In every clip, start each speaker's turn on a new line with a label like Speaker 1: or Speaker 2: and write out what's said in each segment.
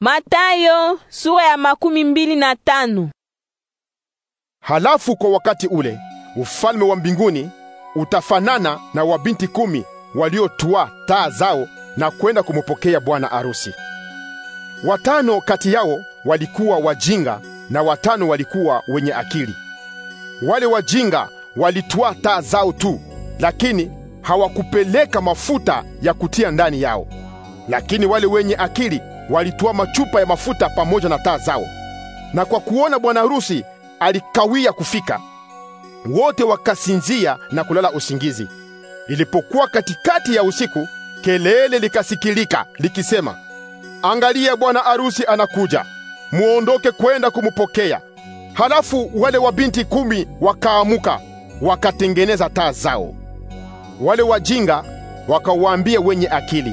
Speaker 1: Matayo sura ya makumi mbili na tano. Halafu kwa wakati ule ufalme wa mbinguni utafanana na wabinti kumi waliotua taa zao na kwenda kumupokea bwana arusi. Watano kati yao walikuwa wajinga na watano walikuwa wenye akili. Wale wajinga walitua taa zao tu, lakini hawakupeleka mafuta ya kutia ndani yao, lakini wale wenye akili walitoa machupa ya mafuta pamoja na taa zao, na kwa kuona bwana harusi alikawia kufika, wote wakasinzia na kulala usingizi. Ilipokuwa katikati ya usiku, kelele likasikilika likisema, angalia, bwana harusi anakuja, muondoke kwenda kumupokea. Halafu wale wabinti kumi wakaamuka wakatengeneza taa zao. Wale wajinga wakawaambia wenye akili,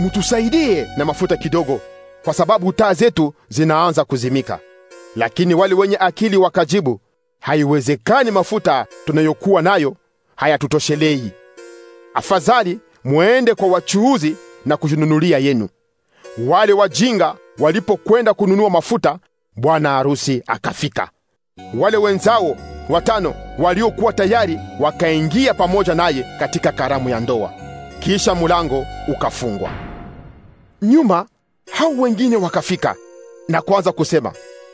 Speaker 1: mtusaidie na mafuta kidogo, kwa sababu taa zetu zinaanza kuzimika. Lakini wale wenye akili wakajibu, haiwezekani, mafuta tunayokuwa nayo hayatutoshelei. Afadhali mwende kwa wachuuzi na kujinunulia yenu. Wale wajinga walipokwenda kununua mafuta, bwana harusi akafika. Wale wenzao watano waliokuwa tayari wakaingia pamoja naye katika karamu ya ndoa, kisha mulango ukafungwa. Nyuma hao wengine wakafika na kuanza kusema,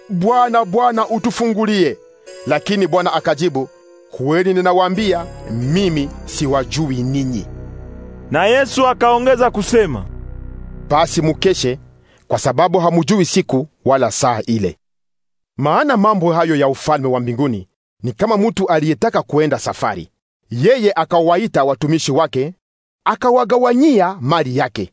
Speaker 1: Bwana, Bwana, utufungulie. Lakini Bwana akajibu, kweli ninawaambia, mimi siwajui ninyi. Na Yesu akaongeza kusema, basi mukeshe, kwa sababu hamujui siku wala saa ile. Maana mambo hayo ya ufalme wa mbinguni ni kama mtu aliyetaka kuenda safari. Yeye akawaita watumishi wake, akawagawanyia mali yake.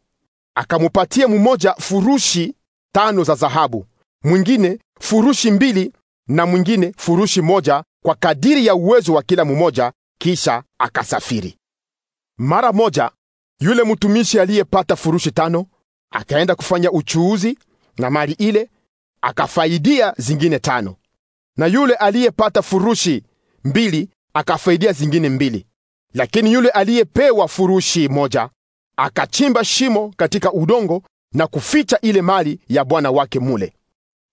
Speaker 1: Akamupatia mmoja furushi tano za dhahabu, mwingine furushi mbili, na mwingine furushi moja, kwa kadiri ya uwezo wa kila mmoja. Kisha akasafiri. Mara moja yule mtumishi aliyepata furushi tano akaenda kufanya uchuuzi na mali ile, akafaidia zingine tano. Na yule aliyepata furushi mbili akafaidia zingine mbili. Lakini yule aliyepewa furushi moja akachimba shimo katika udongo na kuficha ile mali ya bwana wake mule.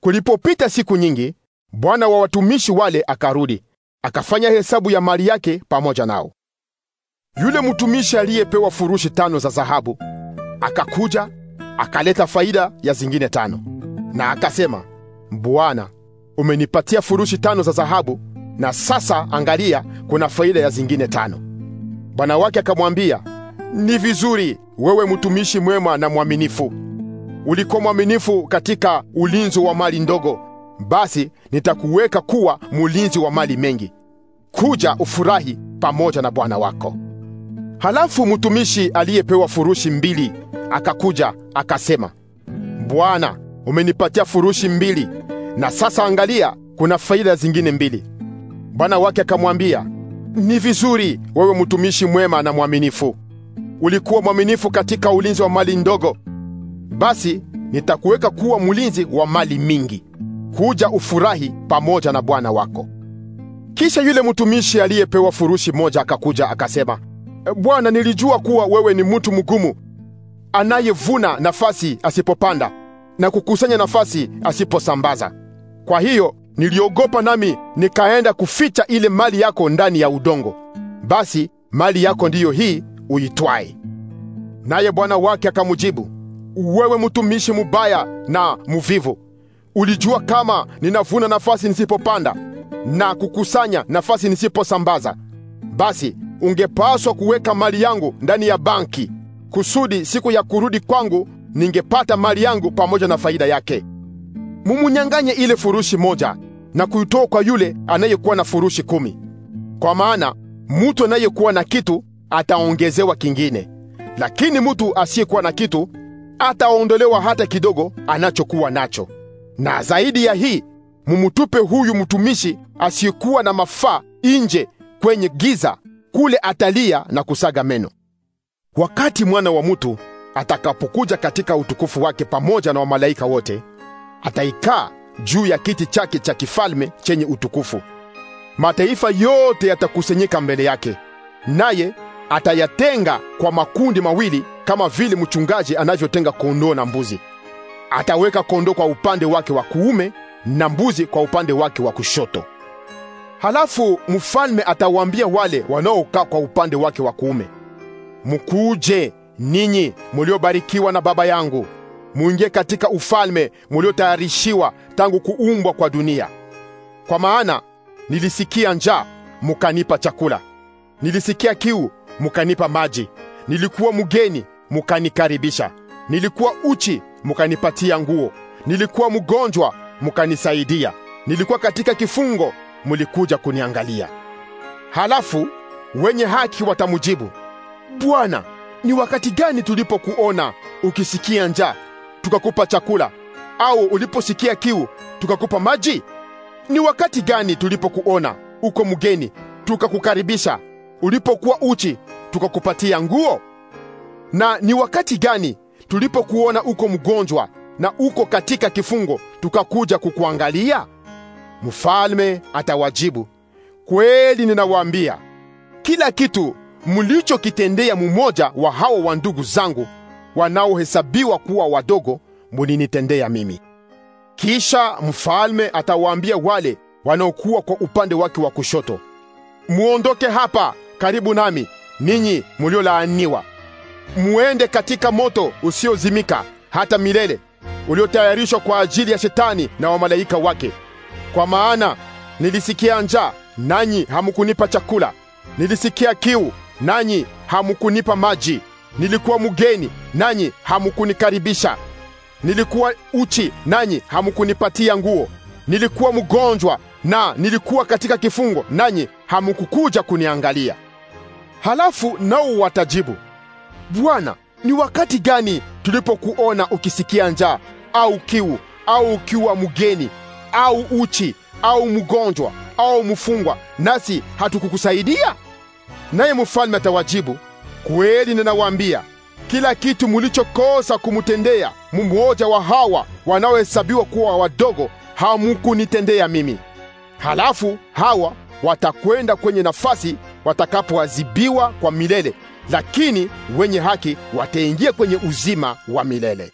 Speaker 1: Kulipopita siku nyingi, bwana wa watumishi wale akarudi, akafanya hesabu ya mali yake pamoja nao. Yule mtumishi aliyepewa furushi tano za dhahabu akakuja akaleta faida ya zingine tano, na akasema, Bwana, umenipatia furushi tano za dhahabu, na sasa angalia, kuna faida ya zingine tano. Bwana wake akamwambia, ni vizuri wewe, mtumishi mwema na mwaminifu. Ulikuwa mwaminifu katika ulinzi wa mali ndogo, basi nitakuweka kuwa mulinzi wa mali mengi. Kuja ufurahi pamoja na bwana wako. Halafu mtumishi aliyepewa furushi mbili akakuja akasema, Bwana, umenipatia furushi mbili, na sasa angalia, kuna faida zingine mbili. Bwana wake akamwambia, ni vizuri wewe mtumishi mwema na mwaminifu ulikuwa mwaminifu katika ulinzi wa mali ndogo, basi nitakuweka kuwa mlinzi wa mali mingi. Huja ufurahi pamoja na bwana wako. Kisha yule mtumishi aliyepewa furushi moja akakuja akasema, Bwana, nilijua kuwa wewe ni mtu mgumu, anayevuna nafasi asipopanda na kukusanya nafasi asiposambaza. Kwa hiyo niliogopa, nami nikaenda kuficha ile mali yako ndani ya udongo. Basi mali yako ndiyo hii uitwaye. Naye bwana wake akamjibu, wewe mtumishi mubaya na muvivu, ulijua kama ninavuna nafasi nisipopanda na kukusanya nafasi nisiposambaza, basi ungepaswa kuweka mali yangu ndani ya banki, kusudi siku ya kurudi kwangu ningepata mali yangu pamoja na faida yake. Mumunyang'anye ile furushi moja na kuitoa kwa yule anayekuwa na furushi kumi, kwa maana mtu anayekuwa na kitu ataongezewa kingine, lakini mtu asiyekuwa na kitu ataondolewa hata kidogo anachokuwa nacho. Na zaidi ya hii, mumutupe huyu mtumishi asiyekuwa na mafaa nje kwenye giza, kule atalia na kusaga meno, wakati mwana wa mtu atakapokuja katika utukufu wake pamoja na wamalaika wote. Ataikaa juu ya kiti chake cha kifalme chenye utukufu. Mataifa yote yatakusanyika mbele yake, naye atayatenga kwa makundi mawili, kama vile mchungaji anavyotenga kondoo na mbuzi. Ataweka kondoo kwa upande wake wa kuume na mbuzi kwa upande wake wa kushoto. Halafu mfalme atawaambia wale wanaokaa kwa upande wake wa kuume, mkuje ninyi muliobarikiwa na Baba yangu, muingie katika ufalme muliotayarishiwa tangu kuumbwa kwa dunia. Kwa maana nilisikia njaa mukanipa chakula, nilisikia kiu mukanipa maji, nilikuwa mgeni mukanikaribisha, nilikuwa uchi mukanipatia nguo, nilikuwa mgonjwa mukanisaidia, nilikuwa katika kifungo mulikuja kuniangalia. Halafu wenye haki watamujibu, Bwana, ni wakati gani tulipokuona ukisikia njaa tukakupa chakula, au uliposikia kiu tukakupa maji? Ni wakati gani tulipokuona uko mgeni tukakukaribisha, ulipokuwa uchi tukakupatia nguo? Na ni wakati gani tulipokuona uko mgonjwa na uko katika kifungo tukakuja kukuangalia? Mfalme atawajibu, kweli ninawaambia, kila kitu mulichokitendea mmoja wa hao wa ndugu zangu wanaohesabiwa kuwa wadogo, mulinitendea mimi. Kisha mfalme atawaambia wale wanaokuwa kwa upande wake wa kushoto, muondoke hapa karibu nami ninyi muliolaaniwa, muende katika moto usiozimika hata milele, uliotayarishwa kwa ajili ya shetani na wamalaika wake. Kwa maana nilisikia njaa, nanyi hamukunipa chakula; nilisikia kiu, nanyi hamukunipa maji; nilikuwa mgeni, nanyi hamukunikaribisha; nilikuwa uchi, nanyi hamukunipatia nguo; nilikuwa mgonjwa na nilikuwa katika kifungo, nanyi hamukukuja kuniangalia. Halafu nao watajibu, Bwana, ni wakati gani tulipokuona ukisikia njaa au kiu au ukiwa mgeni au uchi au mgonjwa au mfungwa nasi hatukukusaidia? Naye mfalme atawajibu, kweli ninawaambia, kila kitu mulichokosa kumtendea mmoja wa hawa wanaohesabiwa kuwa wadogo hamukunitendea mimi. Halafu hawa watakwenda kwenye nafasi watakapoadhibiwa kwa milele, lakini wenye haki wataingia kwenye uzima wa milele.